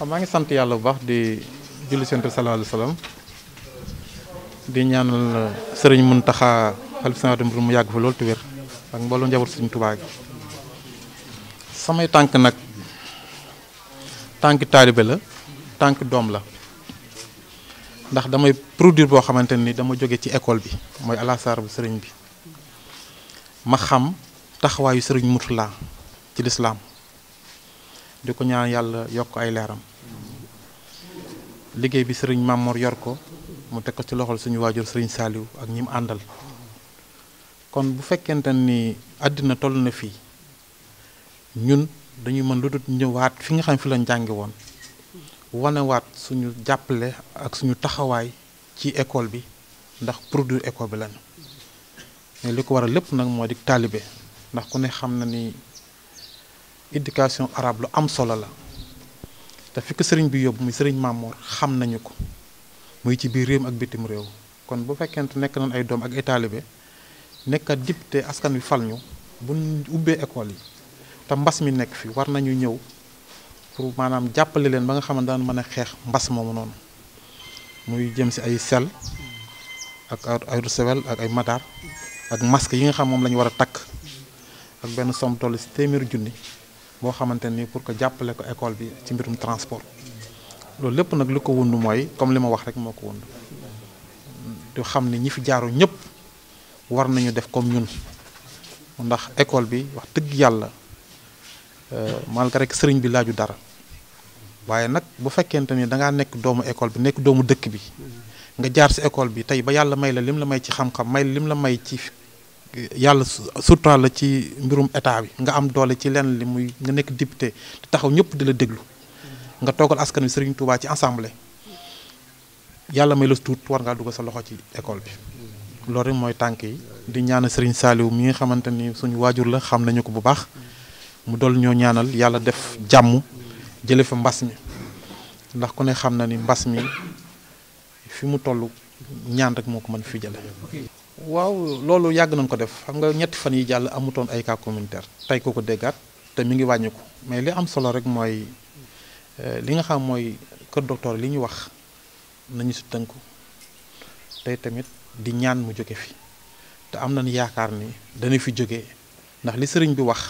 maa ngi sant yàlla bu baax di julli seen sallallahu alayhi wa di ñaanal sëriñ mun taxa xalif sanaatam bu mu yàgg fa loolu te wér ak mbooloo njaboot sëriñ Tuubaa gi samay tànk nag tànk taalibe la tànk doom la ndax damay produit boo xamante ni dama jóge ci école bi mooy alasaar bu sëriñ bi ma xam taxawaayu sëriñ Murtala ci lislaam di ko ñaan yàlla yokk ay leeram liggéey bi sëriñ Mamor yor ko mu teg ko ci loxol suñu waajur sëriñ Saaliw ak ñi mu àndal kon bu fekkente ni àddina toll na fii ñun dañuy mën lu dul ñëwaat fi nga xam fi lañ jàngi woon wanewaat suñu jàppale ak suñu taxawaay ci école bi ndax produit école bi lañu mais li ko waral lépp nag moo di taalibe ndax ku ne xam na ni éducation arabe lu am solo la te fi sëriñ bi yóbbu muy sëriñ Mamour xam nañu ko muy ci biir réew ak bitim réew kon bu fekkente nekk nañ ay doom ak ay taalibe nekkat député askan wi fal ñu bu ubbee école yi te mbas mi nekk fi war nañu ñëw pour maanaam jàppale leen ba nga xam ne daan mën a xeex mbas moom noonu muy jëm si ay sel ak ay russewel ak ay mataar ak masque yi nga xam moom lañu ñu war a takk ak benn somme toll si téeméeri junni boo xamante ni pour que jàppale ko école bi ci mbirum transport loolu lépp nag li ko wund mooy comme li ma wax rek moo ko wund du xam ne ñi fi jaaru ñëpp war nañu def comme ñun ndax école bi wax dëgg yàlla euh, malgré que sëriñ bi laaju dara waaye nag bu fekkente ni da ngaa nekk doomu école bi nekk doomu dëkk bi nga jaar si école bi tey ba yàlla may la lim la may ci xam-xam may lim la may ci yàlla surtout la ci mbirum état bi nga am doole ci lenn li muy nga nekk député te taxaw ñëpp di la déglu nga toogal askan wi Serigne Touba ci assemblée yàlla may la tuut war ngaa dugal sa loxo ci école bi loolu rek mooy tànk yi di ñaana sëriñ Saliou mi nga xamante ni suñu waajur la xam nañu ko bu baax mu dool ñoo ñaanal yàlla def jàmm jële fa mbas mi ndax ku ne xam na ni mbas mi fi mu toll ñaan rek moo ko mën fi waaw loolu yàgg nañ ko def xam nga ñetti fan yi jàll amutoon ay cas communautaire tey koo ko déggaat te mu ngi wàññiku mais li am solo rek mooy euh, li nga xam mooy kër docteur li ñu wax nañu si tënku tey tamit di ñaan mu jóge fi te am nañu yaakaar ni dana fi jóge ndax li sëriñ bi wax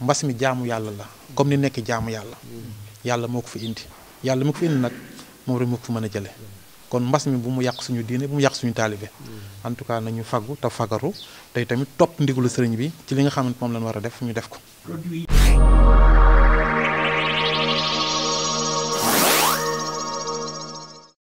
mbas mi jaamu yàlla la comme ni nekk jaamu yàlla mm. yàlla moo ko fi indi yàlla mu ko fi indi nag moom rek moo ko fi mën a jële kon mbas mi bu mu yàq suñu diine bu mu yàq suñu taalibe en tout cas nañu faggu te fagaru tey tamit topp ndigalu sëriñ bi ci li nga xamante moom lañ war a def ñu def ko